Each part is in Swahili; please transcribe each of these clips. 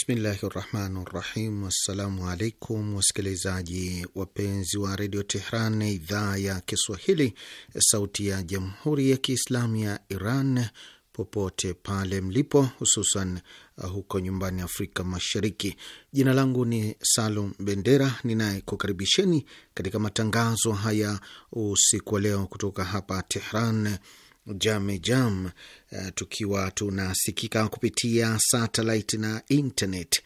Bismillahi rahmani rahim. Wassalamu alaikum wasikilizaji wapenzi wa redio Tehran na idhaa ya Kiswahili, sauti ya jamhuri ya kiislamu ya Iran, popote pale mlipo, hususan uh, huko nyumbani Afrika Mashariki. Jina langu ni Salum Bendera ninayekukaribisheni katika matangazo haya usiku wa leo kutoka hapa Tehran Jame Jam, eh, tukiwa tunasikika kupitia satellite na internet.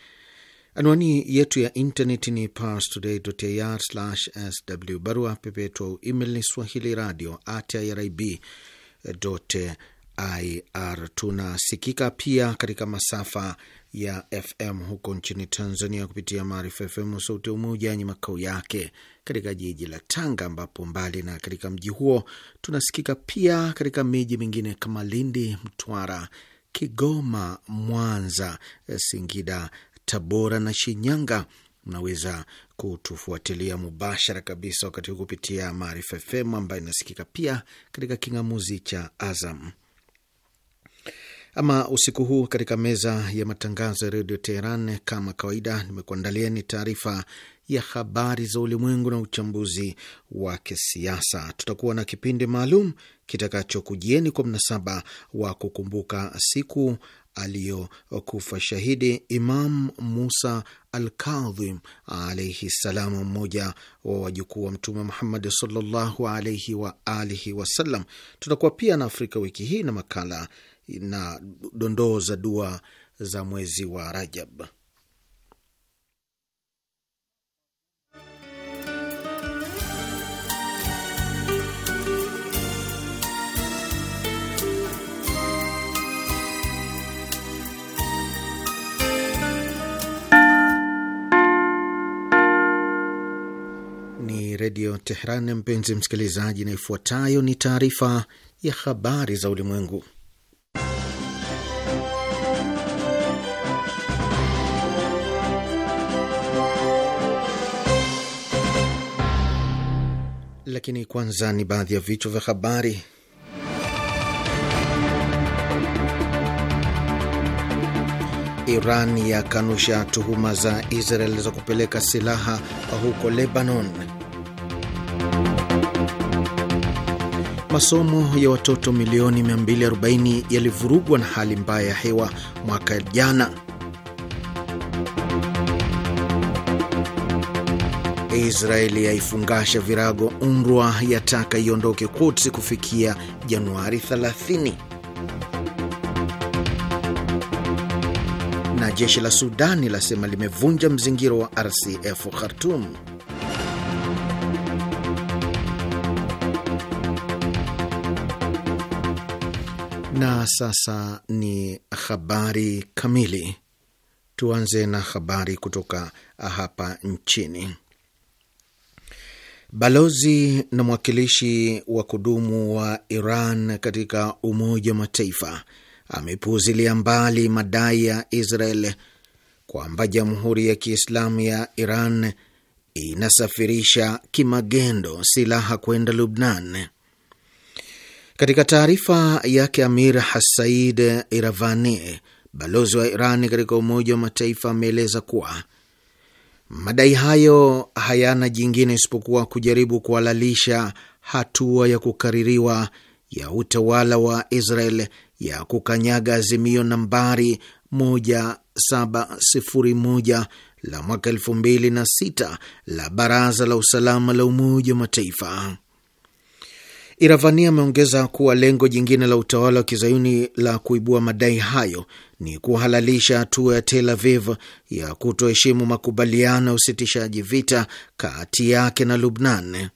Anwani yetu ya internet ni parstoday.ir/sw. Barua pepe yetu au email ni swahili radio at irib.ir. Tunasikika pia katika masafa ya FM huko nchini Tanzania kupitia Maarifa FM sauti ya Umoja yenye makao yake katika jiji la Tanga, ambapo mbali na katika mji huo tunasikika pia katika miji mingine kama Lindi, Mtwara, Kigoma, Mwanza, Singida, Tabora na Shinyanga. Mnaweza kutufuatilia mubashara kabisa wakati huu kupitia Maarifa FM ambayo inasikika pia katika king'amuzi cha Azam. Ama usiku huu katika meza ya matangazo ya redio Teheran, kama kawaida, nimekuandalieni taarifa ya habari za ulimwengu na uchambuzi wa kisiasa. Tutakuwa na kipindi maalum kitakachokujieni kwa mnasaba wa kukumbuka siku aliyokufa shahidi Imam Musa Alkadhim alaihi salamu, mmoja wa wajukuu wa Mtume Muhammadi sallallahu alaihi wa alihi wasallam. Tutakuwa pia na Afrika wiki hii na makala na dondoo za dua za mwezi wa Rajab. ni Redio Teheran. Mpenzi msikilizaji, na ifuatayo ni taarifa ya habari za ulimwengu, lakini kwanza ni baadhi ya vichwa vya habari. Iran yakanusha tuhuma za Israel za kupeleka silaha huko Lebanon. Masomo ya watoto milioni 240 yalivurugwa na hali mbaya ya hewa mwaka jana. Israeli yaifungasha virago UNRWA, yataka iondoke Quds kufikia Januari 30. Na jeshi la Sudani lasema limevunja mzingiro wa RCF Khartoum. Na sasa ni habari kamili. Tuanze na habari kutoka hapa nchini. Balozi na mwakilishi wa kudumu wa Iran katika Umoja wa Mataifa amepuuzilia mbali madai ya Israel kwamba Jamhuri ya Kiislamu ya Iran inasafirisha kimagendo silaha kwenda Lubnan. Katika taarifa yake, Amir Hassaid Iravani, balozi wa Iran katika Umoja wa Mataifa, ameeleza kuwa madai hayo hayana jingine isipokuwa kujaribu kuhalalisha hatua ya kukaririwa ya utawala wa Israel ya kukanyaga azimio nambari 1701 la mwaka 2006 la Baraza la Usalama la Umoja wa Mataifa. Iravani ameongeza kuwa lengo jingine la utawala wa kizayuni la kuibua madai hayo ni kuhalalisha hatua ya Tel Aviv ya kutoheshimu makubaliano ya usitishaji vita kati yake na Lubnan.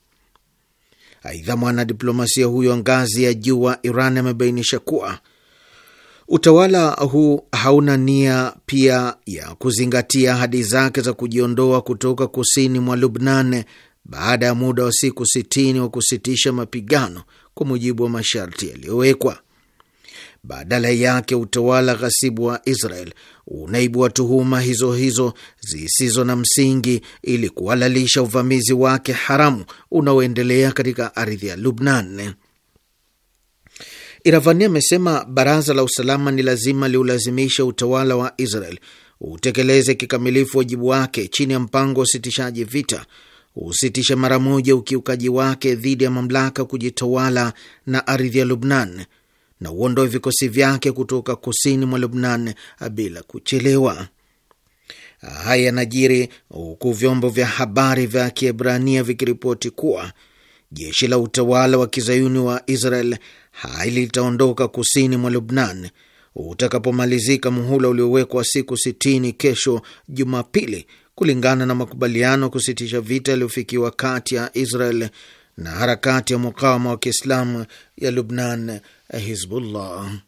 Aidha, mwanadiplomasia huyo ngazi ya juu wa Iran amebainisha kuwa utawala huu hauna nia pia ya kuzingatia ahadi zake za kujiondoa kutoka kusini mwa Lubnan baada ya muda wa siku sitini wa kusitisha mapigano kwa mujibu wa masharti yaliyowekwa. Badala yake utawala ghasibu wa Israel unaibua tuhuma hizo hizo zisizo na msingi ili kuhalalisha uvamizi wake haramu unaoendelea katika ardhi ya Lubnan. Iravani amesema baraza la usalama ni lazima liulazimishe utawala wa Israel utekeleze kikamilifu wajibu wake chini ya mpango wa usitishaji vita usitishe mara moja ukiukaji wake dhidi ya mamlaka kujitawala na ardhi ya Lubnan na uondoe vikosi vyake kutoka kusini mwa Lubnan bila kuchelewa. Haya yanajiri huku vyombo vya habari vya Kiebrania vikiripoti kuwa jeshi la utawala wa kizayuni wa Israel hali litaondoka kusini mwa Lubnan utakapomalizika muhula uliowekwa siku 6 kesho Jumapili kulingana na makubaliano kusitisha vita yaliyofikiwa kati ya Israel na harakati ya mukawama wa Kiislamu ya Lubnan, Hizbullah.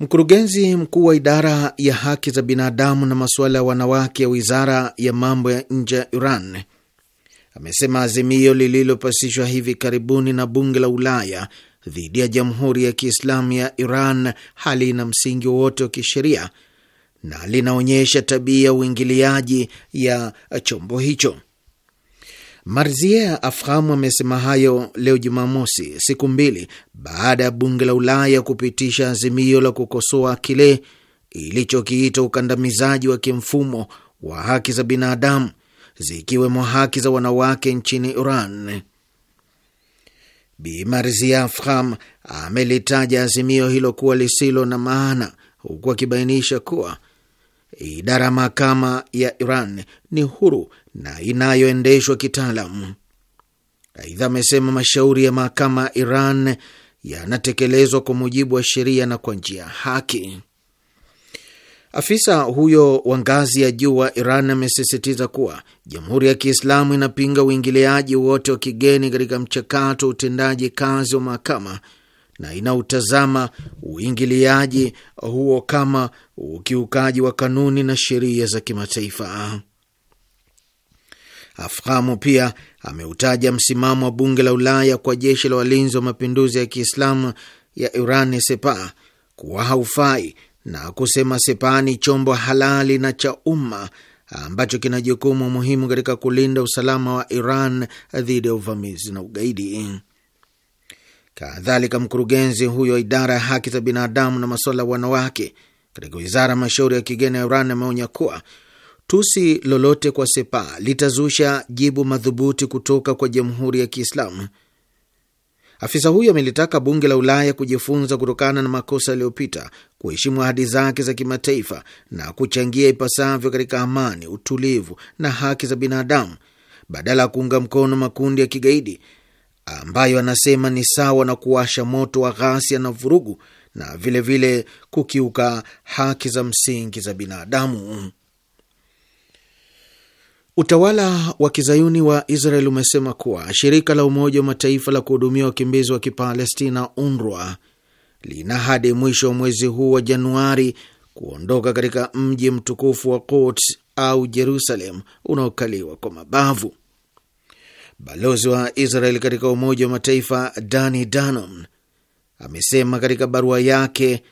Mkurugenzi mkuu wa idara ya haki za binadamu na masuala ya wanawake ya wizara ya mambo ya nje ya Iran amesema azimio lililopasishwa hivi karibuni na bunge la Ulaya dhidi ya jamhuri ya Kiislamu ya Iran halina msingi wowote wa kisheria na linaonyesha tabia ya uingiliaji ya chombo hicho. Marzia Afhamu amesema hayo leo Jumamosi, siku mbili baada ya bunge la Ulaya kupitisha azimio la kukosoa kile ilichokiita ukandamizaji wa kimfumo wa haki za binadamu zikiwemo haki za wanawake nchini Iran. Bi Marzia Afham amelitaja azimio hilo kuwa lisilo na maana, huku akibainisha kuwa Idara ya mahakama ya Iran ni huru na inayoendeshwa kitaalamu. Aidha, amesema mashauri ya mahakama ya Iran yanatekelezwa kwa mujibu wa sheria na kwa njia haki. Afisa huyo wa ngazi ya juu wa Iran amesisitiza kuwa Jamhuri ya Kiislamu inapinga uingiliaji wote wa kigeni katika mchakato wa utendaji kazi wa mahakama na inautazama uingiliaji huo kama ukiukaji wa kanuni na sheria za kimataifa. Afhamu pia ameutaja msimamo wa bunge la Ulaya kwa jeshi la walinzi wa mapinduzi ya Kiislamu ya Iran Sepa kuwa haufai na kusema sepa ni chombo halali na cha umma ambacho kina jukumu muhimu katika kulinda usalama wa Iran dhidi ya uvamizi na ugaidi. Kadhalika, mkurugenzi huyo idara ya haki za binadamu na masuala ya wanawake katika wizara ya mashauri ya kigeni ya Iran ameonya kuwa tusi lolote kwa Sepa litazusha jibu madhubuti kutoka kwa jamhuri ya Kiislamu. Afisa huyo amelitaka bunge la Ulaya kujifunza kutokana na makosa yaliyopita, kuheshimu ahadi zake za kimataifa na kuchangia ipasavyo katika amani, utulivu na haki za binadamu badala ya kuunga mkono makundi ya kigaidi ambayo anasema ni sawa na kuwasha moto wa ghasia na vurugu na vilevile vile kukiuka haki za msingi za binadamu. Utawala wa kizayuni wa Israel umesema kuwa shirika la Umoja wa Mataifa la kuhudumia wakimbizi wa Kipalestina, UNRWA, lina hadi mwisho wa mwezi huu wa Januari kuondoka katika mji mtukufu wa Quds au Jerusalem unaokaliwa kwa mabavu. Balozi wa Israel katika Umoja wa Mataifa Dani Danon amesema katika barua yake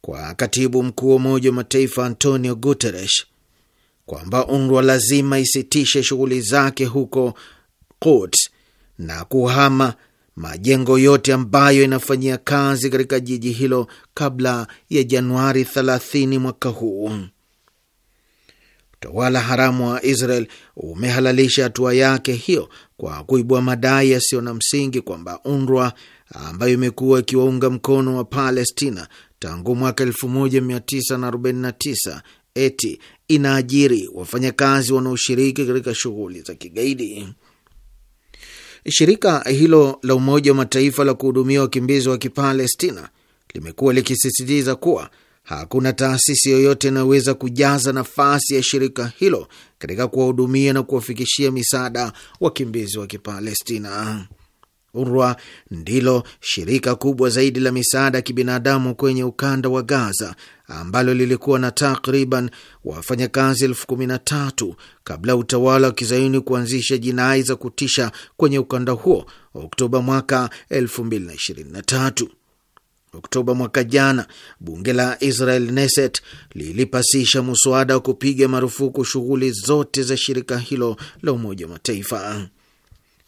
kwa katibu mkuu wa Umoja wa Mataifa Antonio Guterres kwamba UNRWA lazima isitishe shughuli zake huko Quds na kuhama majengo yote ambayo inafanyia kazi katika jiji hilo kabla ya Januari 30 mwaka huu utawala haramu wa Israel umehalalisha hatua yake hiyo kwa kuibua madai yasiyo na msingi kwamba UNRWA ambayo imekuwa ikiwaunga mkono wa Palestina tangu mwaka 1949 eti inaajiri wafanyakazi wanaoshiriki katika shughuli za kigaidi. Shirika hilo la Umoja wa Mataifa la kuhudumia wakimbizi wa Kipalestina limekuwa likisisitiza kuwa hakuna taasisi yoyote inayoweza kujaza nafasi ya shirika hilo katika kuwahudumia na kuwafikishia misaada wakimbizi wa Kipalestina. UNRWA ndilo shirika kubwa zaidi la misaada ya kibinadamu kwenye ukanda wa Gaza ambalo lilikuwa na takriban wafanyakazi elfu kumi na tatu kabla ya utawala wa kizayuni kuanzisha jinai za kutisha kwenye ukanda huo Oktoba mwaka Oktoba mwaka jana bunge la Israel Knesset lilipasisha muswada wa kupiga marufuku shughuli zote za shirika hilo la Umoja wa Mataifa.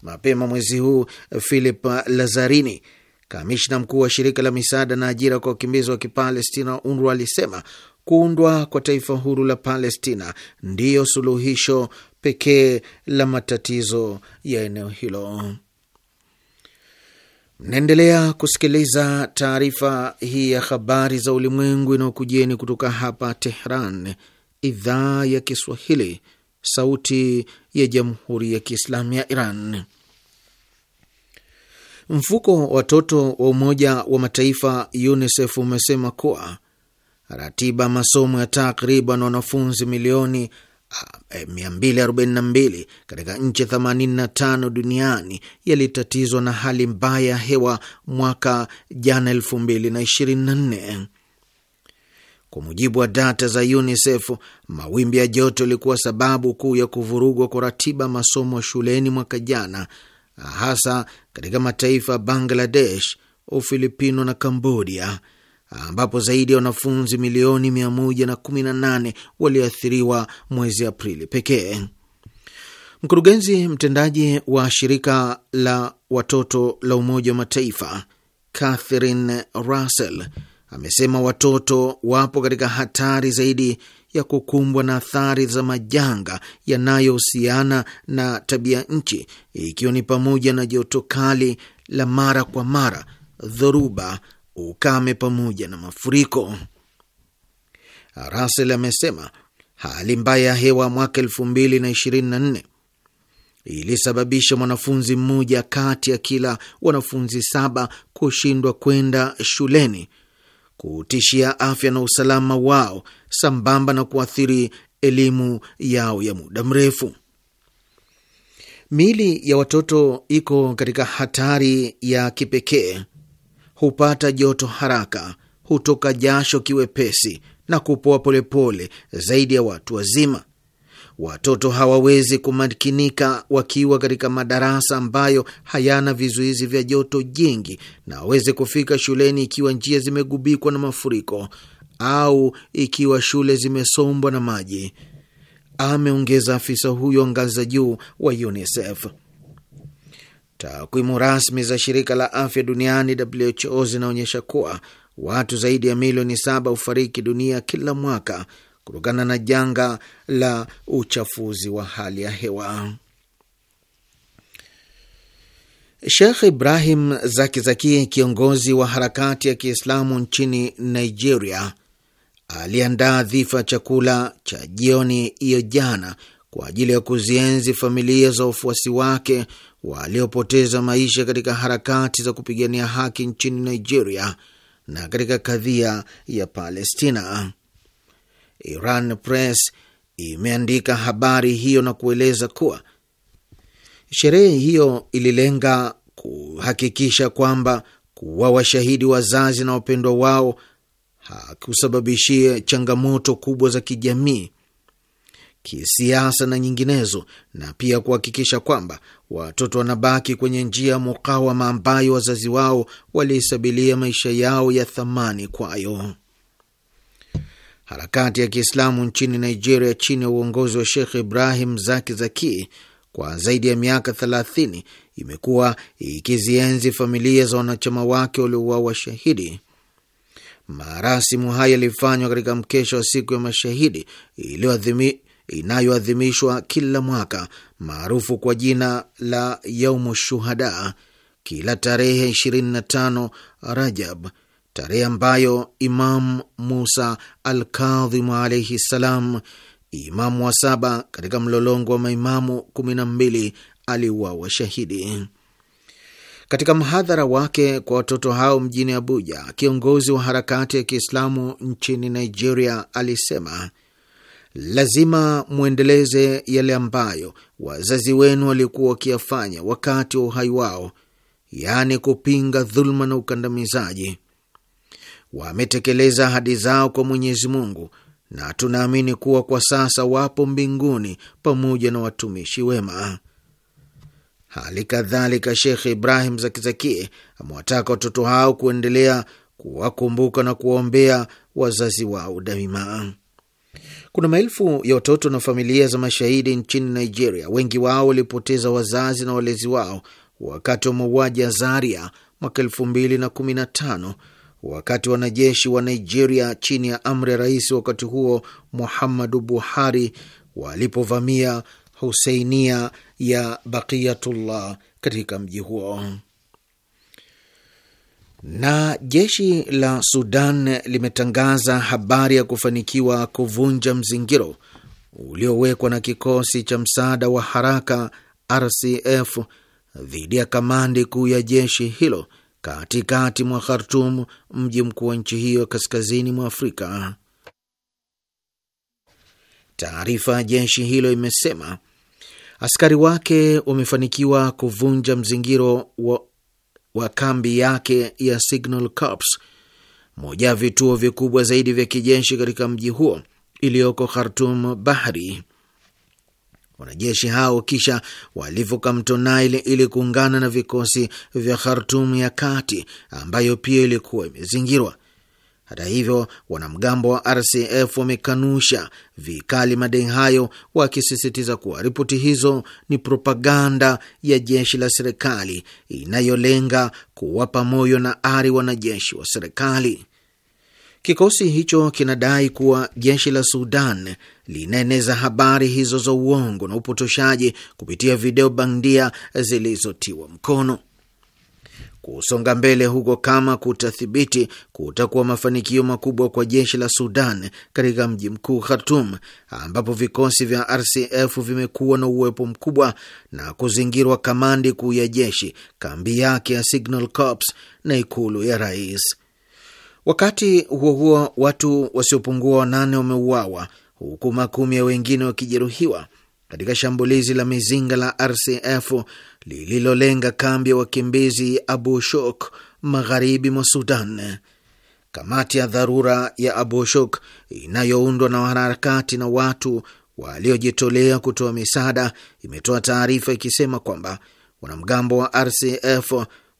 Mapema mwezi huu, Philip Lazarini, kamishna mkuu wa shirika la misaada na ajira kwa wakimbizi wa Kipalestina, UNRWA, alisema kuundwa kwa taifa huru la Palestina ndiyo suluhisho pekee la matatizo ya eneo hilo. Mnaendelea kusikiliza taarifa hii ya habari za ulimwengu inayokujieni kutoka hapa Tehran, idhaa ya Kiswahili, sauti ya jamhuri ya kiislamu ya Iran. Mfuko wa watoto wa Umoja wa Mataifa UNICEF umesema kuwa ratiba masomo ya takriban wanafunzi milioni 242 eh, katika nchi 85 duniani yalitatizwa na hali mbaya ya hewa mwaka jana 2024. Kwa mujibu wa data za UNICEF, mawimbi ya joto ilikuwa sababu kuu ya kuvurugwa kwa ratiba masomo shuleni mwaka jana, hasa katika mataifa ya Bangladesh, Ufilipino na Kambodia ambapo zaidi ya wanafunzi milioni 118 waliathiriwa mwezi Aprili pekee. Mkurugenzi mtendaji wa shirika la watoto la Umoja wa Mataifa Catherine Russell amesema watoto wapo katika hatari zaidi ya kukumbwa na athari za majanga yanayohusiana na tabia nchi, ikiwa ni pamoja na joto kali la mara kwa mara, dhoruba ukame pamoja na mafuriko. Russell amesema hali mbaya ya hewa mwaka elfu mbili na ishirini na nne ilisababisha mwanafunzi mmoja kati ya kila wanafunzi saba kushindwa kwenda shuleni, kutishia afya na usalama wao sambamba na kuathiri elimu yao ya muda mrefu. Miili ya watoto iko katika hatari ya kipekee hupata joto haraka, hutoka jasho kiwepesi na kupoa polepole zaidi ya watu wazima. Watoto hawawezi kumakinika wakiwa katika madarasa ambayo hayana vizuizi vya joto jingi, na waweze kufika shuleni ikiwa njia zimegubikwa na mafuriko au ikiwa shule zimesombwa na maji, ameongeza afisa huyo ngazi za juu wa UNICEF. Takwimu rasmi za shirika la afya duniani WHO zinaonyesha kuwa watu zaidi ya milioni saba hufariki dunia kila mwaka kutokana na janga la uchafuzi wa hali ya hewa. Sheikh Ibrahim Zakizaki, kiongozi wa harakati ya Kiislamu nchini Nigeria, aliandaa dhifa chakula cha jioni hiyo jana kwa ajili ya kuzienzi familia za wafuasi wake waliopoteza maisha katika harakati za kupigania haki nchini Nigeria na katika kadhia ya Palestina. Iran Press imeandika habari hiyo na kueleza kuwa sherehe hiyo ililenga kuhakikisha kwamba kuwa washahidi wazazi na wapendwa wao hakusababishie changamoto kubwa za kijamii kisiasa na nyinginezo, na pia kuhakikisha kwamba watoto wanabaki kwenye njia ya mukawama ambayo wazazi wao waliisabilia maisha yao ya thamani kwayo. Harakati ya Kiislamu nchini Nigeria chini ya uongozi wa Sheikh Ibrahim Zaki Zaki kwa zaidi ya miaka 30 imekuwa ikizienzi familia za wanachama wake waliouawa shahidi. Marasimu haya yalifanywa katika mkesha wa siku ya mashahidi inayoadhimishwa kila mwaka maarufu kwa jina la Yaumu Shuhada kila tarehe 25 Rajab, tarehe ambayo Imam Musa Alkadhimu alaihi ssalam, imamu wa saba katika mlolongo wa maimamu 12 aliuawa shahidi. Katika mhadhara wake kwa watoto hao mjini Abuja, kiongozi wa harakati ya Kiislamu nchini Nigeria alisema lazima mwendeleze yale ambayo wazazi wenu walikuwa wakiyafanya wakati wa uhai wao, yaani kupinga dhuluma na ukandamizaji. Wametekeleza ahadi zao kwa Mwenyezi Mungu, na tunaamini kuwa kwa sasa wapo mbinguni pamoja na watumishi wema. Hali kadhalika Shekh Ibrahim zakizakie amewataka watoto hao kuendelea kuwakumbuka na kuwaombea wazazi wao daima. Kuna maelfu ya watoto na familia za mashahidi nchini Nigeria, wengi wao walipoteza wazazi na walezi wao wakati wa mauaji ya Zaria mwaka elfu mbili na kumi na tano wakati wanajeshi wa Nigeria chini ya amri ya rais wakati huo Muhammadu Buhari walipovamia Huseinia ya Bakiyatullah katika mji huo. Na jeshi la Sudan limetangaza habari ya kufanikiwa kuvunja mzingiro uliowekwa na kikosi cha msaada wa haraka RCF dhidi ya kamandi kuu ya jeshi hilo katikati mwa Khartum, mji mkuu wa nchi hiyo kaskazini mwa Afrika. Taarifa ya jeshi hilo imesema askari wake wamefanikiwa kuvunja mzingiro wa wa kambi yake ya Signal Corps, moja ya vituo vikubwa zaidi vya kijeshi katika mji huo iliyoko Khartum Bahri. Wanajeshi hao kisha walivuka mto Nile ili kuungana na vikosi vya Khartum ya kati ambayo pia ilikuwa imezingirwa. Hata hivyo, wanamgambo wa RCF wamekanusha vikali madai hayo, wakisisitiza kuwa ripoti hizo ni propaganda ya jeshi la serikali inayolenga kuwapa moyo na ari wanajeshi wa serikali. Kikosi hicho kinadai kuwa jeshi la Sudan linaeneza habari hizo za uongo na upotoshaji kupitia video bandia zilizotiwa mkono. Kusonga mbele huko kama kutathibiti, kutakuwa mafanikio makubwa kwa jeshi la Sudan katika mji mkuu Khartum, ambapo vikosi vya RCF vimekuwa na uwepo mkubwa na kuzingirwa kamandi kuu ya jeshi, kambi yake ya Signal Corps na ikulu ya rais. Wakati huo huo, watu wasiopungua wanane wameuawa huku makumi ya wengine wakijeruhiwa katika shambulizi la mizinga la RCF lililolenga kambi ya wakimbizi Abu Shok magharibi mwa Sudan. Kamati ya dharura ya Abu Shok inayoundwa na wanaharakati na watu waliojitolea kutoa misaada imetoa taarifa ikisema kwamba wanamgambo wa RCF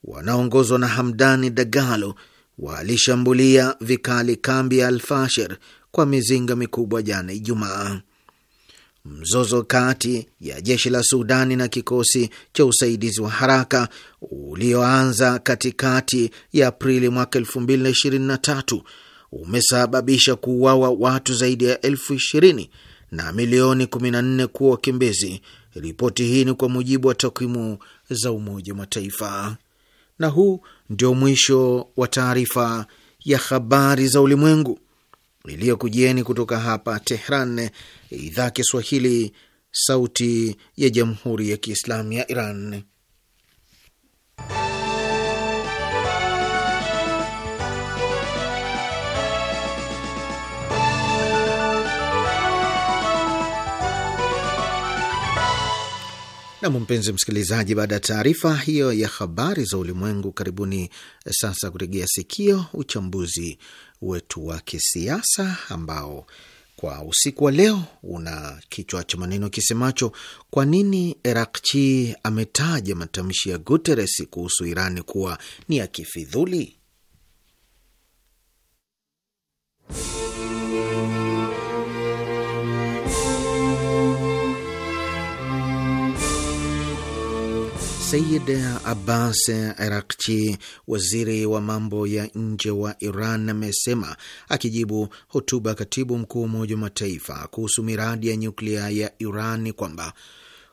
wanaongozwa na Hamdani Dagalo walishambulia vikali kambi ya Alfashir kwa mizinga mikubwa jana Ijumaa. Mzozo kati ya jeshi la Sudani na kikosi cha usaidizi wa haraka ulioanza katikati ya Aprili mwaka 2023 umesababisha kuuawa watu zaidi ya elfu na milioni 14 kuwa wakimbizi. Ripoti hii ni kwa mujibu wa takwimu za Umoja wa Mataifa. Na huu ndio mwisho wa taarifa ya habari za ulimwengu iliyokujieni kutoka hapa Tehran, idhaa Kiswahili, sauti ya jamhuri ya kiislamu ya Iran. Nam, mpenzi msikilizaji, baada ya taarifa hiyo ya habari za ulimwengu, karibuni sasa kutegea sikio uchambuzi wetu wa kisiasa ambao kwa usiku wa leo una kichwa cha maneno kisemacho kwa nini Erakchi ametaja matamshi ya guteres kuhusu Irani kuwa ni ya kifidhuli? Sayid Abbas Arakchi, waziri wa mambo ya nje wa Iran, amesema akijibu hotuba katibu mkuu wa Umoja wa Mataifa kuhusu miradi ya nyuklia ya Iran kwamba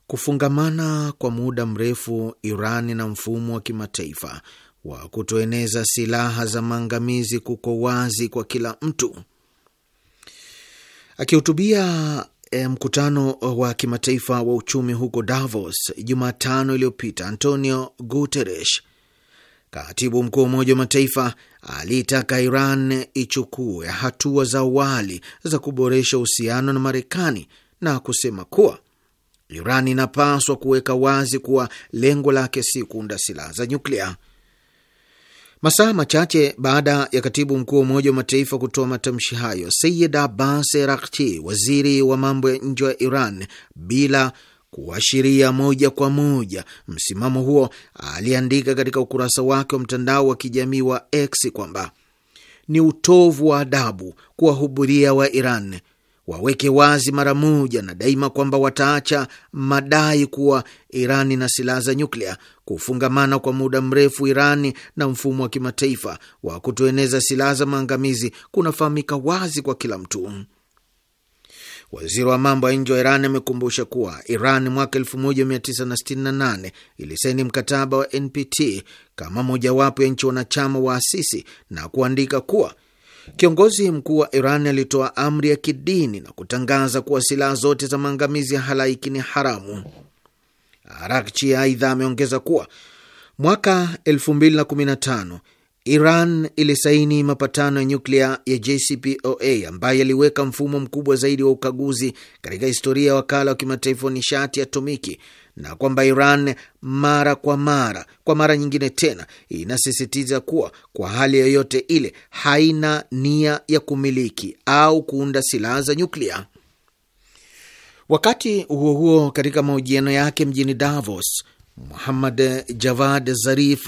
kufungamana kwa muda mrefu Iran na mfumo wa kimataifa wa kutoeneza silaha za maangamizi kuko wazi kwa kila mtu. Akihutubia e, mkutano wa kimataifa wa uchumi huko Davos Jumatano iliyopita, Antonio Guterres, katibu mkuu wa Umoja wa Mataifa, aliitaka Iran ichukue hatua za awali za kuboresha uhusiano na Marekani na kusema kuwa Iran inapaswa kuweka wazi kuwa lengo lake si kuunda silaha za nyuklia. Masaa machache baada ya katibu mkuu wa Umoja wa Mataifa kutoa matamshi hayo, Sayid Abbas erakchi waziri wa mambo ya nje wa Iran, bila kuashiria moja kwa moja msimamo huo, aliandika katika ukurasa wake wa mtandao wa kijamii wa X kwamba ni utovu wa adabu kuwahuburia wa Iran waweke wazi mara moja na daima kwamba wataacha madai kuwa Iran ina silaha za nyuklia kufungamana kwa muda mrefu Irani na mfumo wa kimataifa wa kutoeneza silaha za maangamizi kunafahamika wazi kwa kila mtu. Waziri wa mambo ya nje wa Iran amekumbusha kuwa Iran mwaka 1968 ilisaini mkataba wa NPT kama mojawapo ya nchi wanachama waasisi na kuandika kuwa kiongozi mkuu wa Iran alitoa amri ya kidini na kutangaza kuwa silaha zote za maangamizi ya halaiki ni haramu. Arakchi aidha ameongeza kuwa mwaka 2015 Iran ilisaini mapatano ya nyuklia ya JCPOA ambayo yaliweka mfumo mkubwa zaidi wa ukaguzi katika historia ya wakala wa kimataifa wa nishati atomiki, na kwamba Iran mara kwa mara kwa mara nyingine tena inasisitiza kuwa kwa hali yoyote ile haina nia ya kumiliki au kuunda silaha za nyuklia. Wakati huo huo, katika mahojiano yake mjini Davos, Muhammad Javad Zarif,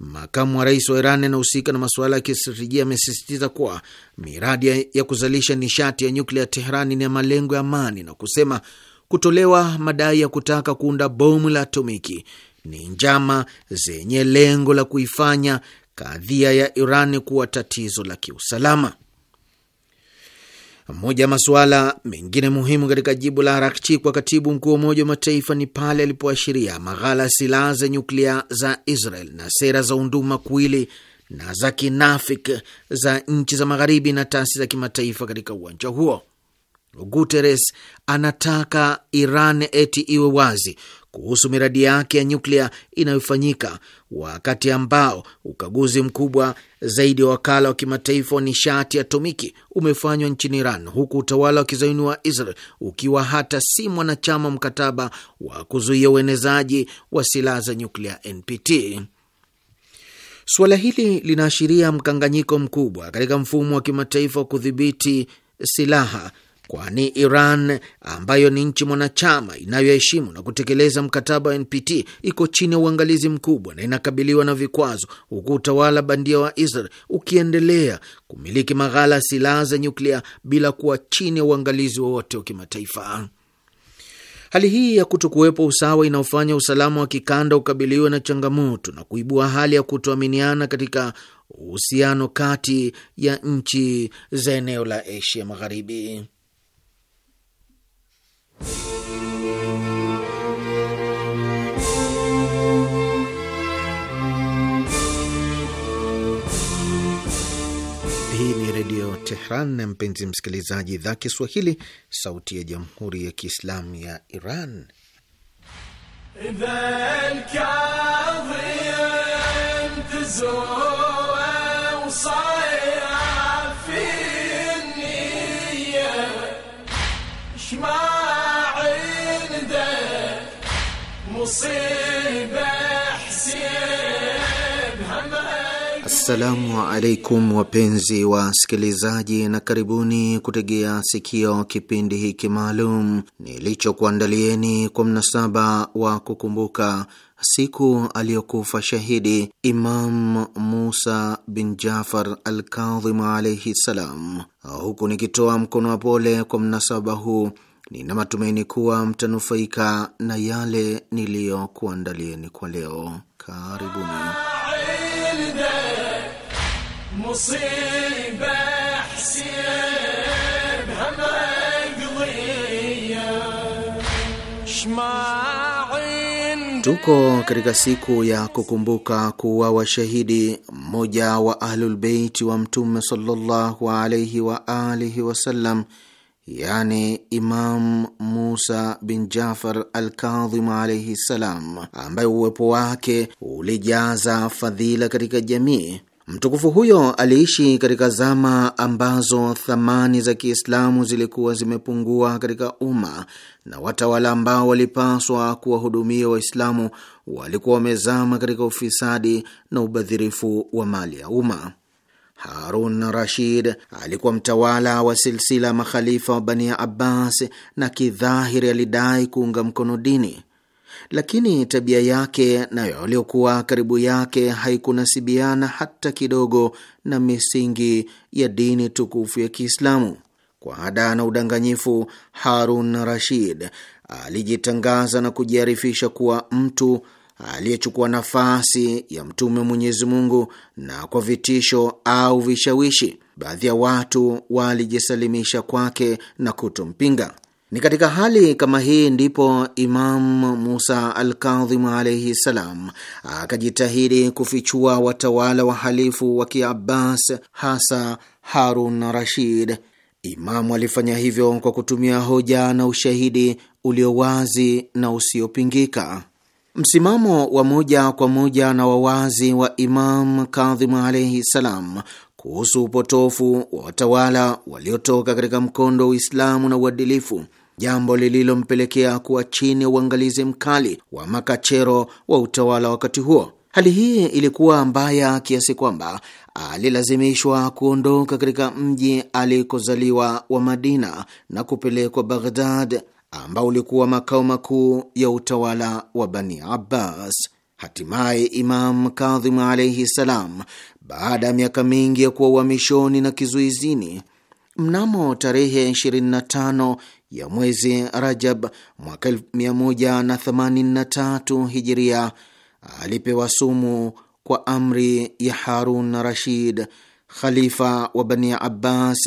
makamu wa rais wa Iran anahusika na, na masuala ya kistratejia, amesisitiza kuwa miradi ya kuzalisha nishati ya nyuklia ya Teherani ni ya malengo ya amani na kusema kutolewa madai ya kutaka kuunda bomu la atomiki ni njama zenye lengo la kuifanya kadhia ya Iran kuwa tatizo la kiusalama. Moja ya masuala mengine muhimu katika jibu la Arakchi kwa katibu mkuu wa Umoja wa Mataifa ni pale alipoashiria maghala silaha za nyuklia za Israel na sera za unduma kuili na za kinafik za nchi za Magharibi na taasisi za kimataifa katika uwanja huo. Guterres anataka Iran eti iwe wazi kuhusu miradi yake ya nyuklia inayofanyika wakati ambao ukaguzi mkubwa zaidi wa wakala wa kimataifa wa nishati ya atomiki umefanywa nchini Iran, huku utawala wa kizayuni wa Israel ukiwa hata si mwanachama mkataba wa kuzuia uenezaji wa silaha za nyuklia NPT. Suala hili linaashiria mkanganyiko mkubwa katika mfumo wa kimataifa wa kudhibiti silaha kwani Iran ambayo ni nchi mwanachama inayoheshimu na kutekeleza mkataba wa NPT iko chini ya uangalizi mkubwa na inakabiliwa na vikwazo, huku utawala bandia wa Israel ukiendelea kumiliki maghala ya silaha za nyuklia bila kuwa chini ya uangalizi wowote wa kimataifa. Hali hii ya kuto kuwepo usawa inaofanya usalama wa kikanda ukabiliwe na changamoto na kuibua hali ya kutoaminiana katika uhusiano kati ya nchi za eneo la Asia Magharibi. Hii ni Redio Tehran, mpenzi msikilizaji, idhaa Kiswahili, sauti ya Jamhuri ya Kiislamu ya Iran. Assalamu alaikum wapenzi wasikilizaji, na karibuni kutegea sikio kipindi hiki maalum nilichokuandalieni kwa mnasaba wa kukumbuka siku aliyokufa shahidi Imam Musa bin Jafar al Kadhimu alaihi ssalam, huku nikitoa mkono wa pole kwa mnasaba huu Nina matumaini kuwa mtanufaika na yale niliyokuandalieni kwa leo. Karibuni. Tuko katika siku ya kukumbuka kuwa washahidi mmoja wa Ahlulbeiti wa Mtume sallallahu alaihi wa alihi wasallam yani Imam Musa bin Jafar al Kadhim alaihi ssalam, ambaye uwepo wake ulijaza fadhila katika jamii. Mtukufu huyo aliishi katika zama ambazo thamani za Kiislamu zilikuwa zimepungua katika umma na watawala ambao walipaswa kuwahudumia Waislamu walikuwa wamezama katika ufisadi na ubadhirifu wa mali ya umma. Harun Rashid alikuwa mtawala wa silsila makhalifa wa Bani Abbas na kidhahiri alidai kuunga mkono dini, lakini tabia yake nayo aliyokuwa karibu yake haikunasibiana hata kidogo na misingi ya dini tukufu ya Kiislamu. Kwa ada na udanganyifu, Harun Rashid alijitangaza na kujiarifisha kuwa mtu aliyechukua nafasi ya mtume Mwenyezi Mungu, na kwa vitisho au vishawishi, baadhi ya watu walijisalimisha kwake na kutompinga. Ni katika hali kama hii ndipo imam Musa Alkadhimu alaihi ssalam akajitahidi kufichua watawala wahalifu wa Kiabbas, hasa Harun Rashid. Imamu alifanya hivyo kwa kutumia hoja na ushahidi ulio wazi na usiopingika. Msimamo wa moja kwa moja na wawazi wa Imam Kadhimu alaihi salam kuhusu upotofu wa watawala waliotoka katika mkondo wa Uislamu na uadilifu, jambo lililompelekea kuwa chini ya uangalizi mkali wa makachero wa utawala wakati huo. Hali hii ilikuwa mbaya kiasi kwamba alilazimishwa kuondoka katika mji alikozaliwa wa Madina na kupelekwa Baghdad ambao ulikuwa makao makuu ya utawala wa Bani Abbas. Hatimaye Imam Kadhim alaihi salam, baada ya miaka mingi ya kuwa uhamishoni na kizuizini, mnamo tarehe 25 ya mwezi Rajab mwaka 183 Hijiria alipewa sumu kwa amri ya Harun Rashid, khalifa wa Bani Abbas,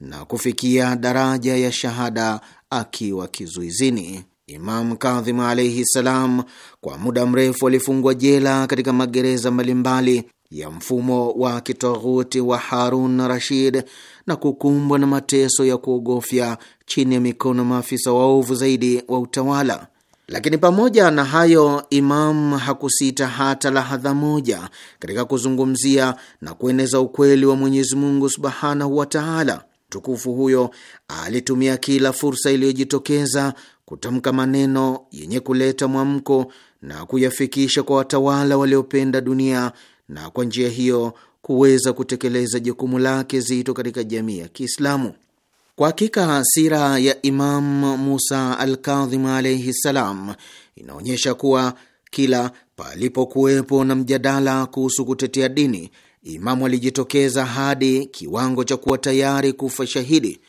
na kufikia daraja ya shahada akiwa kizuizini. imam Kadhimu alaihi salam kwa muda mrefu alifungwa jela katika magereza mbalimbali ya mfumo wa kitoghuti wa Harun Rashid na kukumbwa na mateso ya kuogofya chini ya mikono maafisa waovu zaidi wa utawala. Lakini pamoja na hayo, imam hakusita hata lahadha moja katika kuzungumzia na kueneza ukweli wa Mwenyezi Mungu subhanahu wa taala mtukufu huyo alitumia kila fursa iliyojitokeza kutamka maneno yenye kuleta mwamko na kuyafikisha kwa watawala waliopenda dunia na kwa njia hiyo kuweza kutekeleza jukumu lake zito katika jamii ya Kiislamu. Kwa hakika sira ya Imam Musa Alkadhim alaihi ssalam inaonyesha kuwa kila palipokuwepo na mjadala kuhusu kutetea dini Imamu alijitokeza hadi kiwango cha kuwa tayari kufa shahidi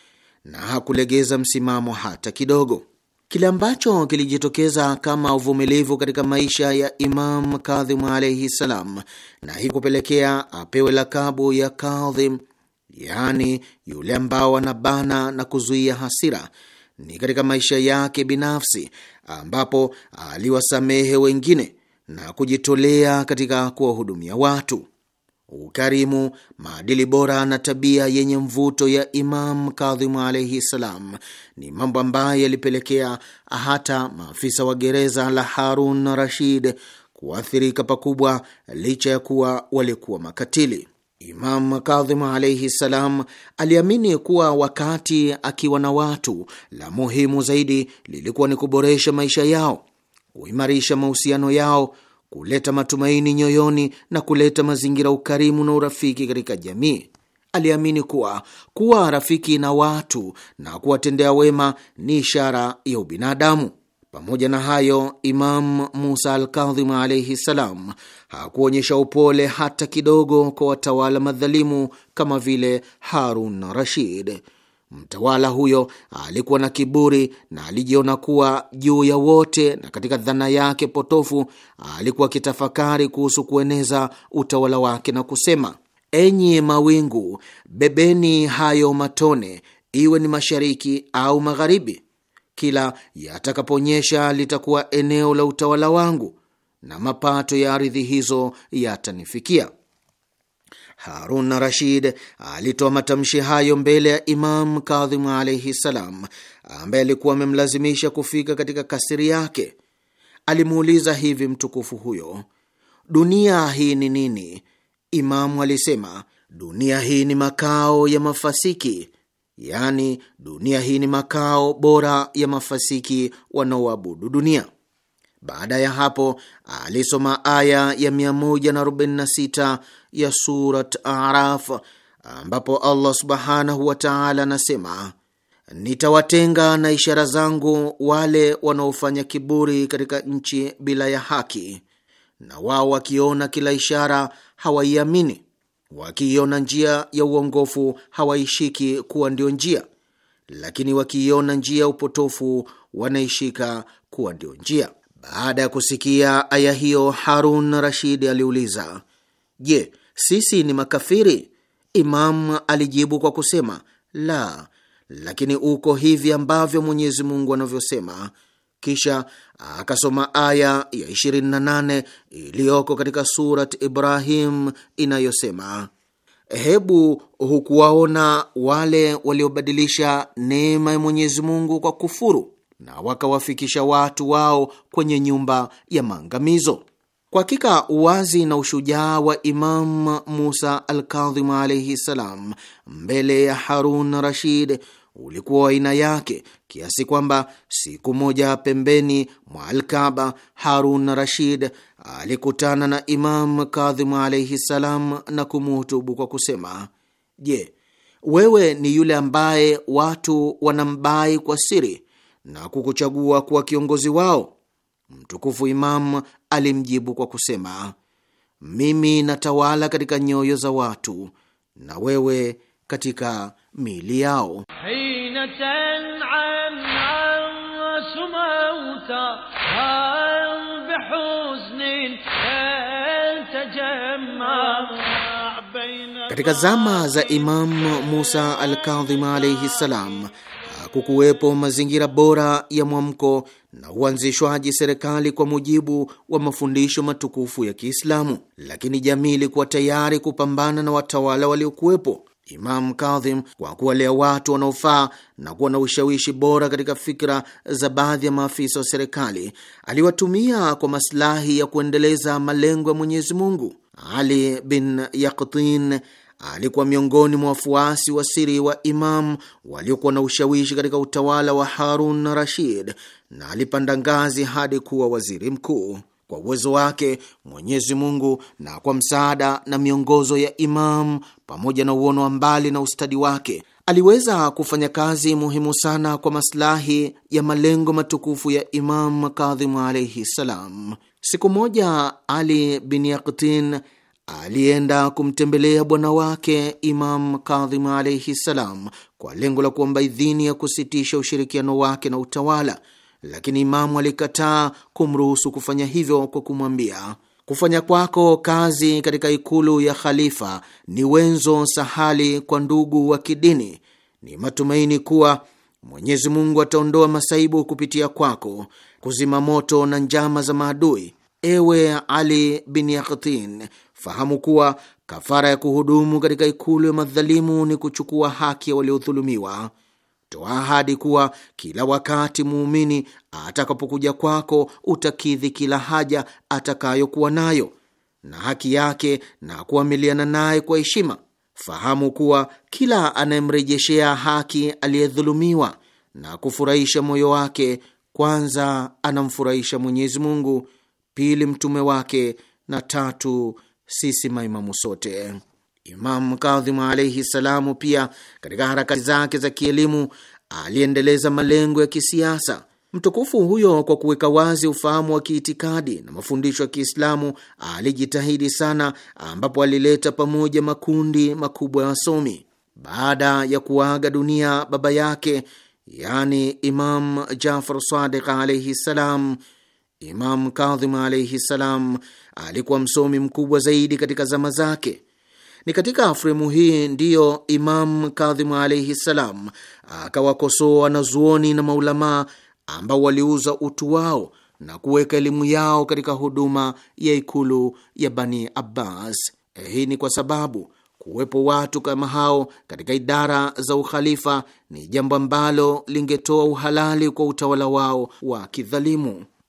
na hakulegeza msimamo hata kidogo. Kile ambacho kilijitokeza kama uvumilivu katika maisha ya Imam Kadhim alaihi ssalam, na hii kupelekea apewe lakabu ya Kadhim, yaani yule ambao anabana na kuzuia hasira, ni katika maisha yake binafsi ambapo aliwasamehe wengine na kujitolea katika kuwahudumia watu ukarimu, maadili bora na tabia yenye mvuto ya Imam Kadhimu alaihi ssalam ni mambo ambayo yalipelekea hata maafisa wa gereza la Harun Rashid kuathirika pakubwa, licha ya kuwa walikuwa makatili. Imam Kadhim alaihi ssalam aliamini kuwa wakati akiwa na watu, la muhimu zaidi lilikuwa ni kuboresha maisha yao, kuimarisha mahusiano yao kuleta matumaini nyoyoni na kuleta mazingira ukarimu na urafiki katika jamii. Aliamini kuwa kuwa rafiki na watu na kuwatendea wema ni ishara ya ubinadamu. Pamoja na hayo, Imam Musa Alkadhimu alaihi ssalam hakuonyesha upole hata kidogo kwa watawala madhalimu kama vile Harun Rashid. Mtawala huyo alikuwa na kiburi na alijiona kuwa juu ya wote, na katika dhana yake potofu alikuwa akitafakari kuhusu kueneza utawala wake na kusema: enyi mawingu, bebeni hayo matone, iwe ni mashariki au magharibi. Kila yatakaponyesha litakuwa eneo la utawala wangu, na mapato ya ardhi hizo yatanifikia. Harun Rashid alitoa matamshi hayo mbele ya Imam Kadhimu alaihi ssalam, ambaye alikuwa amemlazimisha kufika katika kasiri yake. Alimuuliza hivi mtukufu huyo, dunia hii ni nini? Imamu alisema, dunia hii ni makao ya mafasiki, yaani dunia hii ni makao bora ya mafasiki wanaoabudu dunia. Baada ya hapo alisoma aya ya 146 ya Surat Araf, ambapo Allah subhanahu wa taala anasema, nitawatenga na ishara zangu wale wanaofanya kiburi katika nchi bila ya haki, na wao wakiona kila ishara hawaiamini, wakiiona njia ya uongofu hawaishiki kuwa ndio njia, lakini wakiiona njia ya upotofu wanaishika kuwa ndio njia. Baada ya kusikia aya hiyo, Harun Rashid aliuliza, je, sisi ni makafiri? Imam alijibu kwa kusema la, lakini uko hivi ambavyo Mwenyezi Mungu anavyosema. Kisha akasoma aya ya 28 iliyoko katika Surat Ibrahim inayosema, hebu hukuwaona wale waliobadilisha neema ya Mwenyezi Mungu kwa kufuru na wakawafikisha watu wao kwenye nyumba ya maangamizo. Kwa hakika uwazi na ushujaa wa Imam Musa Alkadhimu alaihi ssalam mbele ya Harun Rashid ulikuwa wa aina yake kiasi kwamba siku moja pembeni mwa Alkaba, Harun Rashid alikutana na Imam Kadhimu alaihi ssalam na kumuhutubu kwa kusema: Je, wewe ni yule ambaye watu wanambai kwa siri na kukuchagua kuwa kiongozi wao? Mtukufu Imam alimjibu kwa kusema, mimi natawala katika nyoyo za watu na wewe katika miili yao. Katika zama za Imam Musa Alkadhim alaihi ssalam kukuwepo mazingira bora ya mwamko na uanzishwaji serikali kwa mujibu wa mafundisho matukufu ya Kiislamu, lakini jamii ilikuwa tayari kupambana na watawala waliokuwepo. Imamu Kadhim, kwa kuwalea watu wanaofaa na kuwa na ushawishi bora katika fikra za baadhi ya maafisa wa serikali, aliwatumia kwa masilahi ya kuendeleza malengo ya Mwenyezi Mungu. Ali bin Yaqtin alikuwa miongoni mwa wafuasi wa siri wa Imam waliokuwa na ushawishi katika utawala wa Harun Rashid na alipanda ngazi hadi kuwa waziri mkuu. Kwa uwezo wake Mwenyezi Mungu na kwa msaada na miongozo ya Imam pamoja na uono wa mbali na ustadi wake aliweza kufanya kazi muhimu sana kwa masilahi ya malengo matukufu ya Imam Kadhimu alaihi ssalam. Siku moja Ali bin Yaktin alienda kumtembelea bwana wake Imam Kadhim alaihi ssalam kwa lengo la kuomba idhini ya kusitisha ushirikiano wake na utawala, lakini Imamu alikataa kumruhusu kufanya hivyo kwa kumwambia, kufanya kwako kazi katika ikulu ya khalifa ni wenzo sahali kwa ndugu wa kidini. Ni matumaini kuwa Mwenyezi Mungu ataondoa masaibu kupitia kwako, kuzima moto na njama za maadui. Ewe Ali bin Yaktin, fahamu kuwa kafara ya kuhudumu katika ikulu ya madhalimu ni kuchukua haki ya waliodhulumiwa. Toa ahadi kuwa kila wakati muumini atakapokuja kwako utakidhi kila haja atakayokuwa nayo na haki yake na kuamiliana naye kwa heshima. Fahamu kuwa kila anayemrejeshea haki aliyedhulumiwa na kufurahisha moyo wake, kwanza anamfurahisha Mwenyezi Mungu, pili mtume wake, na tatu sisi maimamu sote. Imamu Kadhimu alaihi salamu pia katika harakati zake za kielimu aliendeleza malengo ya kisiasa mtukufu huyo kwa kuweka wazi ufahamu wa kiitikadi na mafundisho ya Kiislamu. Alijitahidi sana, ambapo alileta pamoja makundi makubwa ya wasomi. Baada ya kuaga dunia baba yake, yani Imam Jafar Sadiq alaihi salam Imam Kadhim alaihi ssalam alikuwa msomi mkubwa zaidi katika zama zake. Ni katika fremu hii ndiyo Imam Kadhim alaihi ssalam akawakosoa wanazuoni na maulamaa ambao waliuza utu wao na kuweka elimu yao katika huduma ya ikulu ya Bani Abbas. Hii ni kwa sababu kuwepo watu kama hao katika idara za ukhalifa ni jambo ambalo lingetoa uhalali kwa utawala wao wa kidhalimu.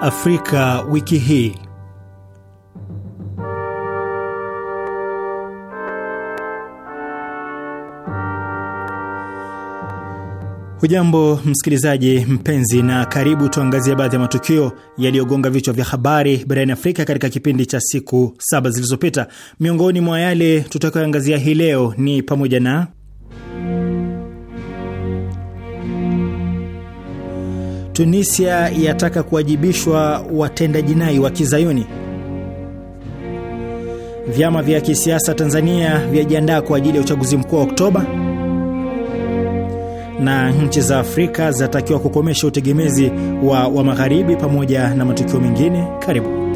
Afrika wiki hii. Hujambo msikilizaji mpenzi, na karibu tuangazie baadhi ya matukio yaliyogonga vichwa vya habari barani Afrika katika kipindi cha siku saba zilizopita. Miongoni mwa yale tutakayoangazia hii leo ni pamoja na Tunisia yataka kuwajibishwa watenda jinai wa Kizayuni. Vyama vya kisiasa Tanzania vyajiandaa kwa ajili ya uchaguzi mkuu wa Oktoba, na nchi za Afrika zinatakiwa kukomesha utegemezi wa wa magharibi, pamoja na matukio mengine. Karibu.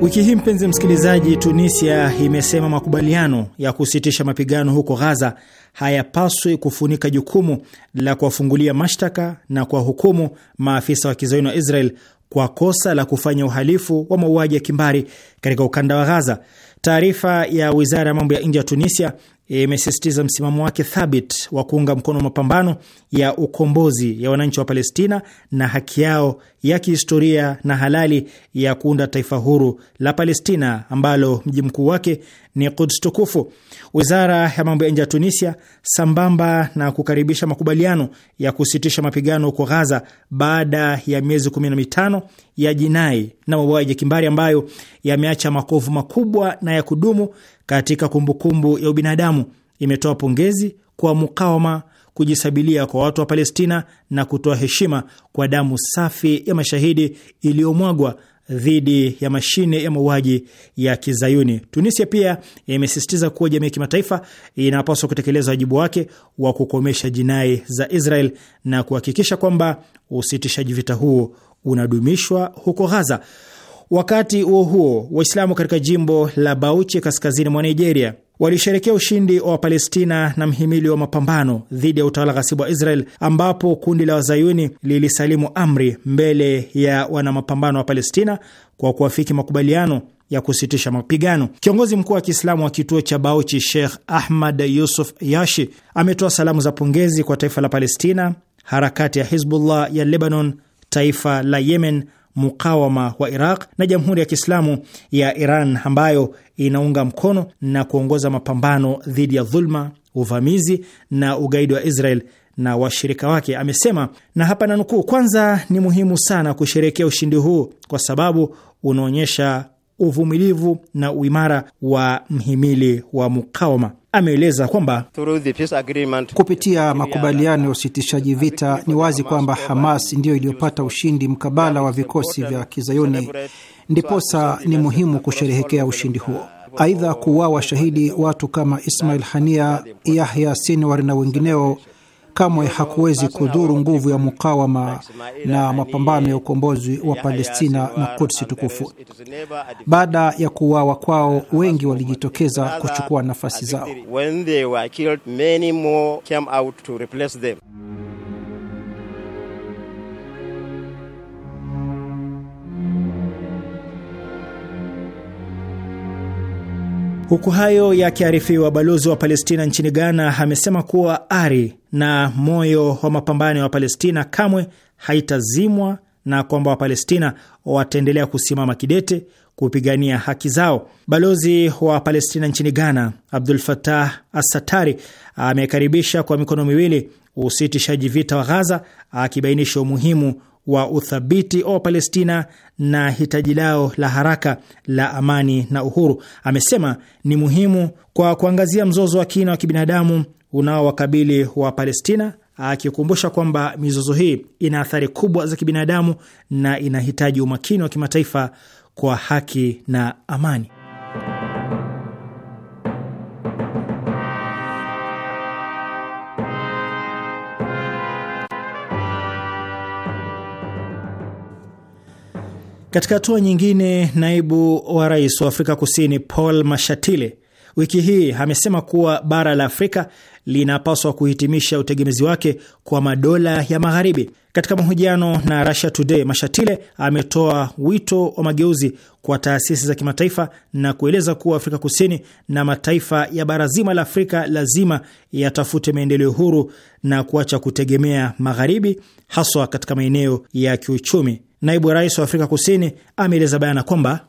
Wiki hii mpenzi msikilizaji, Tunisia imesema makubaliano ya kusitisha mapigano huko Ghaza hayapaswi kufunika jukumu la kuwafungulia mashtaka na kuwahukumu maafisa wa kizayuni wa Israel kwa kosa la kufanya uhalifu wa mauaji ya kimbari katika ukanda wa Ghaza. Taarifa ya wizara ya mambo ya nje ya Tunisia imesisitiza msimamo wake thabit wa kuunga mkono mapambano ya ukombozi ya wananchi wa Palestina na haki yao ya kihistoria na halali ya kuunda taifa huru la Palestina ambalo mji mkuu wake ni Quds tukufu. Wizara ya mambo ya nje ya Tunisia, sambamba na kukaribisha makubaliano ya kusitisha mapigano huko Ghaza baada ya miezi 15 ya jinai na mauaji ya kimbari ambayo yameacha makovu makubwa na ya kudumu katika kumbukumbu ya ubinadamu imetoa pongezi kwa mukawama kujisabilia kwa watu wa Palestina na kutoa heshima kwa damu safi ya mashahidi iliyomwagwa dhidi ya mashine ya mauaji ya Kizayuni. Tunisia pia imesisitiza kuwa jamii ya kimataifa inapaswa kutekeleza wajibu wake wa kukomesha jinai za Israel na kuhakikisha kwamba usitishaji vita huo unadumishwa huko Ghaza. Wakati huo huo, Waislamu katika jimbo la Bauchi kaskazini mwa Nigeria walisherekea ushindi wa Wapalestina na mhimili wa mapambano dhidi ya utawala ghasibu wa Israel, ambapo kundi la wazayuni lilisalimu amri mbele ya wanamapambano wa Palestina kwa kuafiki makubaliano ya kusitisha mapigano. Kiongozi mkuu wa Kiislamu wa kituo cha Bauchi, Sheikh Ahmad Yusuf Yashi, ametoa salamu za pongezi kwa taifa la Palestina, harakati ya Hizbullah ya Lebanon, taifa la Yemen mukawama wa Iraq na Jamhuri ya Kiislamu ya Iran ambayo inaunga mkono na kuongoza mapambano dhidi ya dhulma, uvamizi na ugaidi wa Israel na washirika wake. Amesema na hapa nanukuu, kwanza ni muhimu sana kusherekea ushindi huu kwa sababu unaonyesha uvumilivu na uimara wa mhimili wa mukawama. Ameeleza kwamba kupitia makubaliano ya usitishaji vita ni wazi kwamba Hamas ndiyo iliyopata ushindi mkabala wa vikosi vya Kizayuni, ndiposa ni muhimu kusherehekea ushindi huo. Aidha, kuuawa shahidi watu kama Ismail Hania, Yahya Sinwar na wengineo kamwe hakuwezi kudhuru nguvu ya mukawama na mapambano ya ukombozi wa Palestina na Kudsi tukufu. Baada ya kuuawa kwao, wengi walijitokeza kuchukua nafasi zao. Huku hayo yakiarifiwa, balozi wa Palestina nchini Ghana amesema kuwa ari na moyo wa mapambano ya Wapalestina kamwe haitazimwa na kwamba Wapalestina wataendelea kusimama kidete kupigania haki zao. Balozi wa Palestina nchini Ghana Abdul Fatah Assatari amekaribisha kwa mikono miwili usitishaji vita wa Ghaza, akibainisha umuhimu wa uthabiti wa Palestina na hitaji lao la haraka la amani na uhuru. Amesema ni muhimu kwa kuangazia mzozo wa kina wa kibinadamu unaowakabili wa Palestina, akikumbusha kwamba mizozo hii ina athari kubwa za kibinadamu na inahitaji umakini wa kimataifa kwa haki na amani. Katika hatua nyingine, naibu wa rais wa Afrika Kusini Paul Mashatile wiki hii amesema kuwa bara la Afrika linapaswa kuhitimisha utegemezi wake kwa madola ya magharibi. Katika mahojiano na Russia Today, Mashatile ametoa wito wa mageuzi kwa taasisi za kimataifa na kueleza kuwa Afrika Kusini na mataifa ya bara zima la Afrika lazima yatafute maendeleo huru na kuacha kutegemea magharibi, haswa katika maeneo ya kiuchumi. Naibu rais wa Afrika Kusini ameeleza bayana kwamba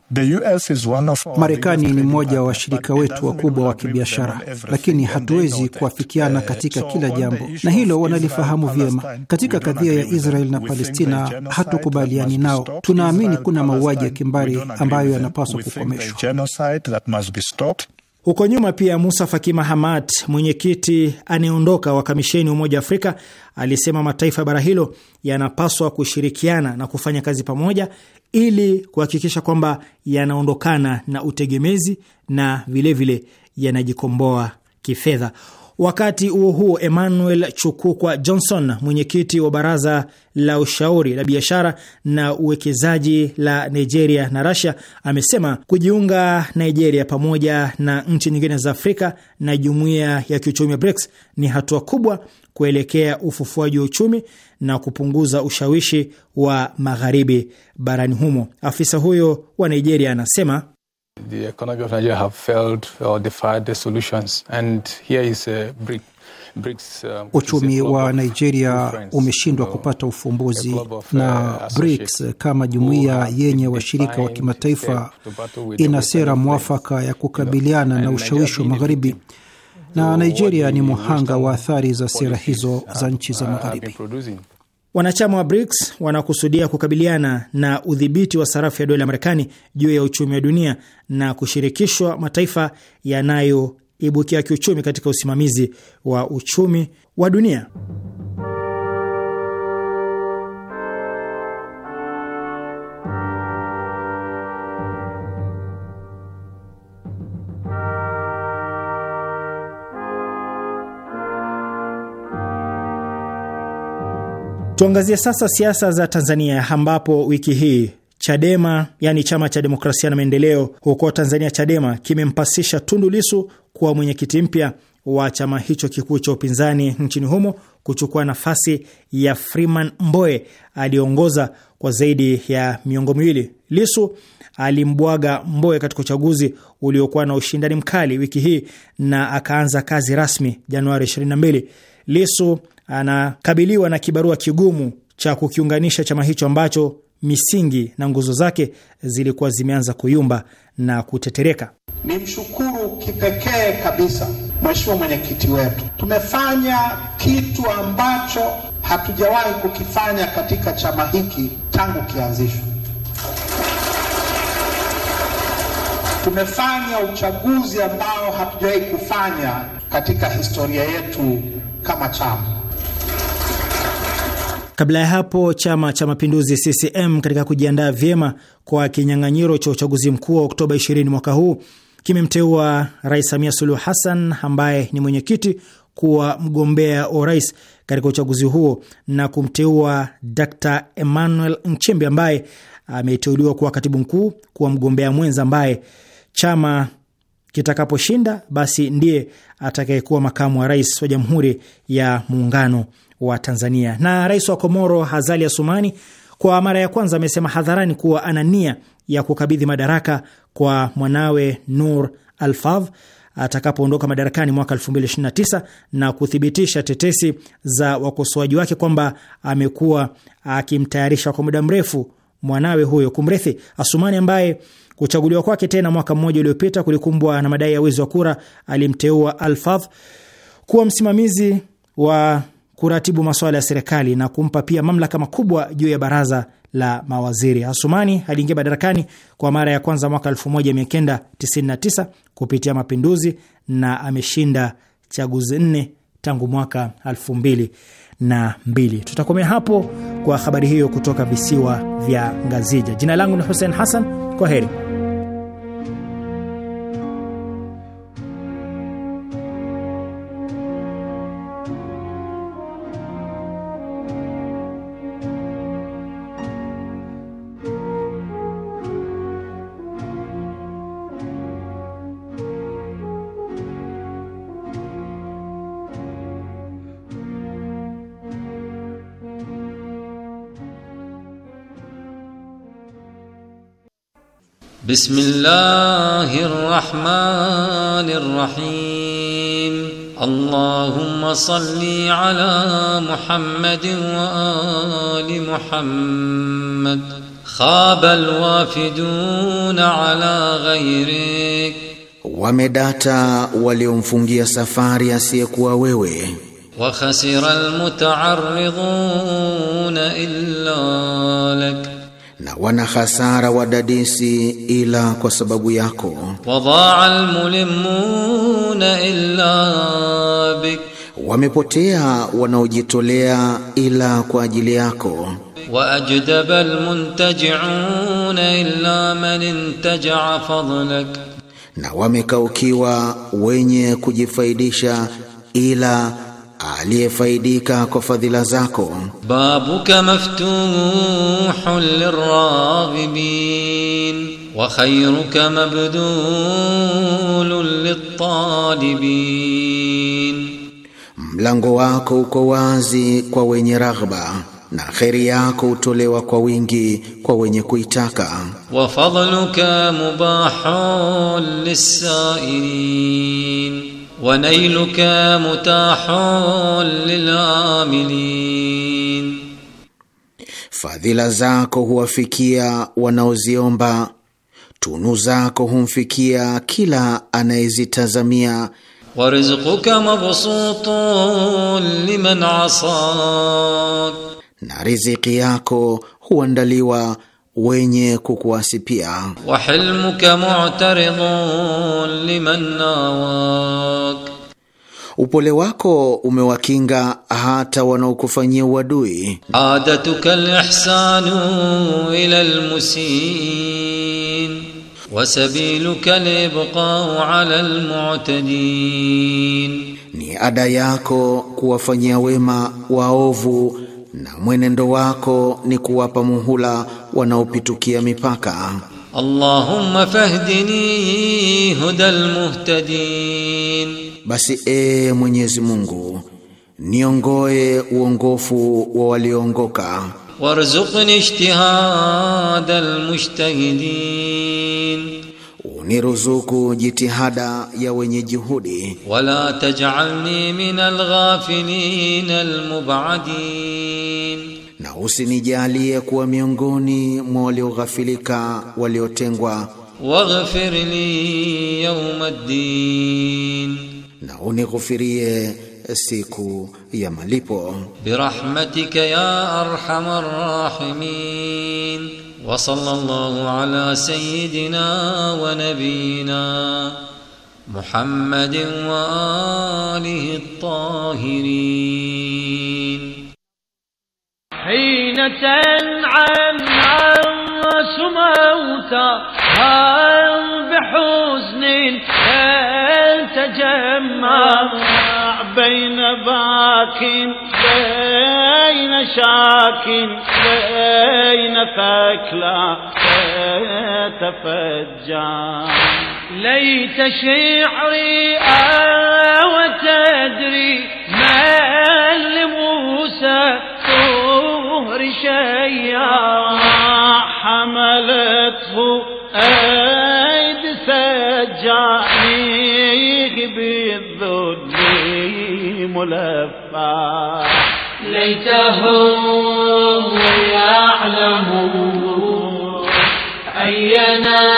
Marekani ni mmoja wa washirika wetu wakubwa wa kibiashara, lakini hatuwezi kuafikiana uh, katika kila jambo, na hilo wanalifahamu vyema. Katika kadhia ya Israel na Palestina hatukubaliani nao. Tunaamini kuna mauaji ya kimbari ambayo yanapaswa kukomeshwa. Huko nyuma pia Musa Faki Mahamat, mwenyekiti anayeondoka wa kamisheni Umoja wa Afrika, alisema mataifa ya bara hilo yanapaswa kushirikiana na kufanya kazi pamoja ili kuhakikisha kwamba yanaondokana na utegemezi na vilevile yanajikomboa kifedha. Wakati huo huo, Emmanuel Chukukwa Johnson, mwenyekiti wa baraza la ushauri la biashara na uwekezaji la Nigeria na Russia, amesema kujiunga Nigeria pamoja na nchi nyingine za Afrika na jumuiya ya kiuchumi ya BRICS ni hatua kubwa kuelekea ufufuaji wa uchumi na kupunguza ushawishi wa magharibi barani humo. Afisa huyo wa Nigeria anasema The economy of Nigeria have failed or defied the solutions. And here is a brick. Uh, Uchumi wa Nigeria umeshindwa kupata ufumbuzi na BRICS kama jumuiya yenye washirika wa kimataifa ina sera mwafaka ya kukabiliana na ushawishi wa magharibi na Nigeria ni muhanga wa athari za sera hizo za uh, nchi za uh, magharibi. Wanachama wa BRICS wanakusudia kukabiliana na udhibiti wa sarafu ya dola ya Marekani juu ya uchumi wa dunia na kushirikishwa mataifa yanayoibukia kiuchumi katika usimamizi wa uchumi wa dunia. Tuangazie sasa siasa za Tanzania ambapo wiki hii Chadema yani chama cha demokrasia na maendeleo huko Tanzania, Chadema kimempasisha Tundu Lisu kuwa mwenyekiti mpya wa chama hicho kikuu cha upinzani nchini humo kuchukua nafasi ya Freeman Mboe aliyeongoza kwa zaidi ya miongo miwili. Lisu alimbwaga Mboe katika uchaguzi uliokuwa na ushindani mkali wiki hii na akaanza kazi rasmi Januari 22. Lisu anakabiliwa na kibarua kigumu cha kukiunganisha chama hicho ambacho misingi na nguzo zake zilikuwa zimeanza kuyumba na kutetereka. Ni mshukuru kipekee kabisa Mheshimiwa mwenyekiti wetu, tumefanya kitu ambacho hatujawahi kukifanya katika chama hiki tangu kianzishwa. Tumefanya uchaguzi ambao hatujawahi kufanya katika historia yetu kama chama. Kabla ya hapo chama cha mapinduzi CCM katika kujiandaa vyema kwa kinyang'anyiro cha uchaguzi mkuu wa Oktoba 20 mwaka huu kimemteua Rais Samia Suluhu Hassan ambaye ni mwenyekiti kuwa mgombea wa urais katika uchaguzi huo na kumteua Dr Emmanuel Nchimbi ambaye ameteuliwa kuwa katibu mkuu kuwa mgombea mwenza ambaye chama Kitakaposhinda basi ndiye atakayekuwa makamu wa rais wa Jamhuri ya Muungano wa Tanzania. Na rais wa Komoro Hazali Asumani kwa mara ya kwanza amesema hadharani kuwa ana nia ya kukabidhi madaraka kwa mwanawe Nur Alfav atakapoondoka madarakani mwaka 2029 na kuthibitisha tetesi za wakosoaji wake kwamba amekuwa akimtayarisha kwa muda mrefu mwanawe huyo kumrithi. Asumani ambaye Kuchaguliwa kwake tena mwaka mmoja uliopita kulikumbwa na madai ya wizi wa kura. Alimteua Alfadh kuwa msimamizi wa kuratibu masuala ya serikali na kumpa pia mamlaka makubwa juu ya baraza la mawaziri. Asumani aliingia madarakani kwa mara ya kwanza mwaka 1999 kupitia mapinduzi na ameshinda chaguzi nne tangu mwaka 2002. Tutakomea hapo kwa habari hiyo kutoka visiwa vya Ngazija. Jina langu ni Hussein Hassan, kwa heri. بسم الله الرحمن الرحيم اللهم صل على محمد وآل محمد خاب الوافدون على غيرك ومداتا waliomfungia سفار asiyekuwa wewe وخسر المتعرضون إلا لك na wana hasara wadadisi ila kwa sababu yako. Wadaa almulimuna illa bik, wamepotea wanaojitolea ila kwa ajili yako. Wa ajdaba almuntajiuna illa man intaja fadlak, na wamekaukiwa wenye kujifaidisha ila aliyefaidika kwa fadhila zako. babuka maftuhun liraghibin wa khayruka mabdulun litalibin, mlango wako uko wazi kwa wenye raghba na kheri yako hutolewa kwa wingi kwa wenye kuitaka. wa fadluka mubahun lissailin ونيلك متاح للعاملين fadhila zako huwafikia wanaoziomba, tunu zako humfikia kila anayezitazamia. warizquka mabsutun liman asad, na riziki yako huandaliwa wenye kukuasi pia. wa hilmuka mu'taridun liman nawak, upole wako umewakinga hata wanaokufanyia uadui. adatuka alihsanu ila almusin wa sabiluka libqa ala almu'tadin, ni ada yako kuwafanyia wema waovu na mwenendo wako ni kuwapa muhula wanaopitukia mipaka. Allahumma fahdini hudal muhtadin, basi e Mwenyezi Mungu niongoe uongofu wa walioongoka. Warzuqni ijtihadal mujtahidin uniruzuku jitihada ya wenye juhudi, wala tajalni min alghafilin almubadin, na usinijalie kuwa miongoni mwa walioghafilika waliotengwa. Waghfir li yawma ddin, na unighufirie siku ya malipo. Birahmatika ya arhamar rahimin وصلى الله على سيدنا ونبينا محمد وآله الطاهرين حين تنعم الرأس موتى بحزن تجمع بين باك بين شاك بين فاكلا تفجع ليت شعري آه تدري ما لموسى طهر شيا حملته أيد سجع ملفا ليتهم يعلمون أينا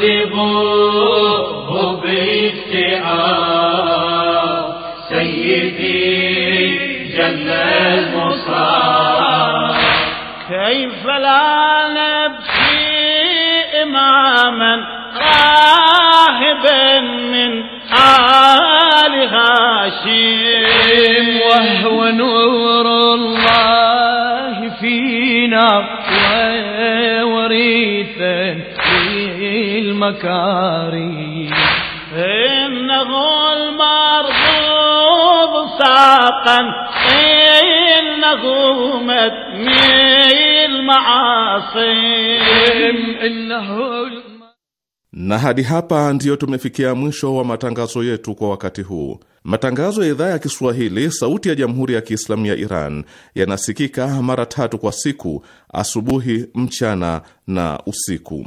Jibon المكاري إنه المرغوب ساقا إنه متمي المعاصي إنه na hadi hapa ndiyo tumefikia mwisho wa matangazo yetu kwa wakati huu. Matangazo ya idhaa ya Kiswahili sauti ya jamhuri ya Kiislamu ya Iran yanasikika mara tatu kwa siku: asubuhi, mchana na usiku.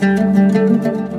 you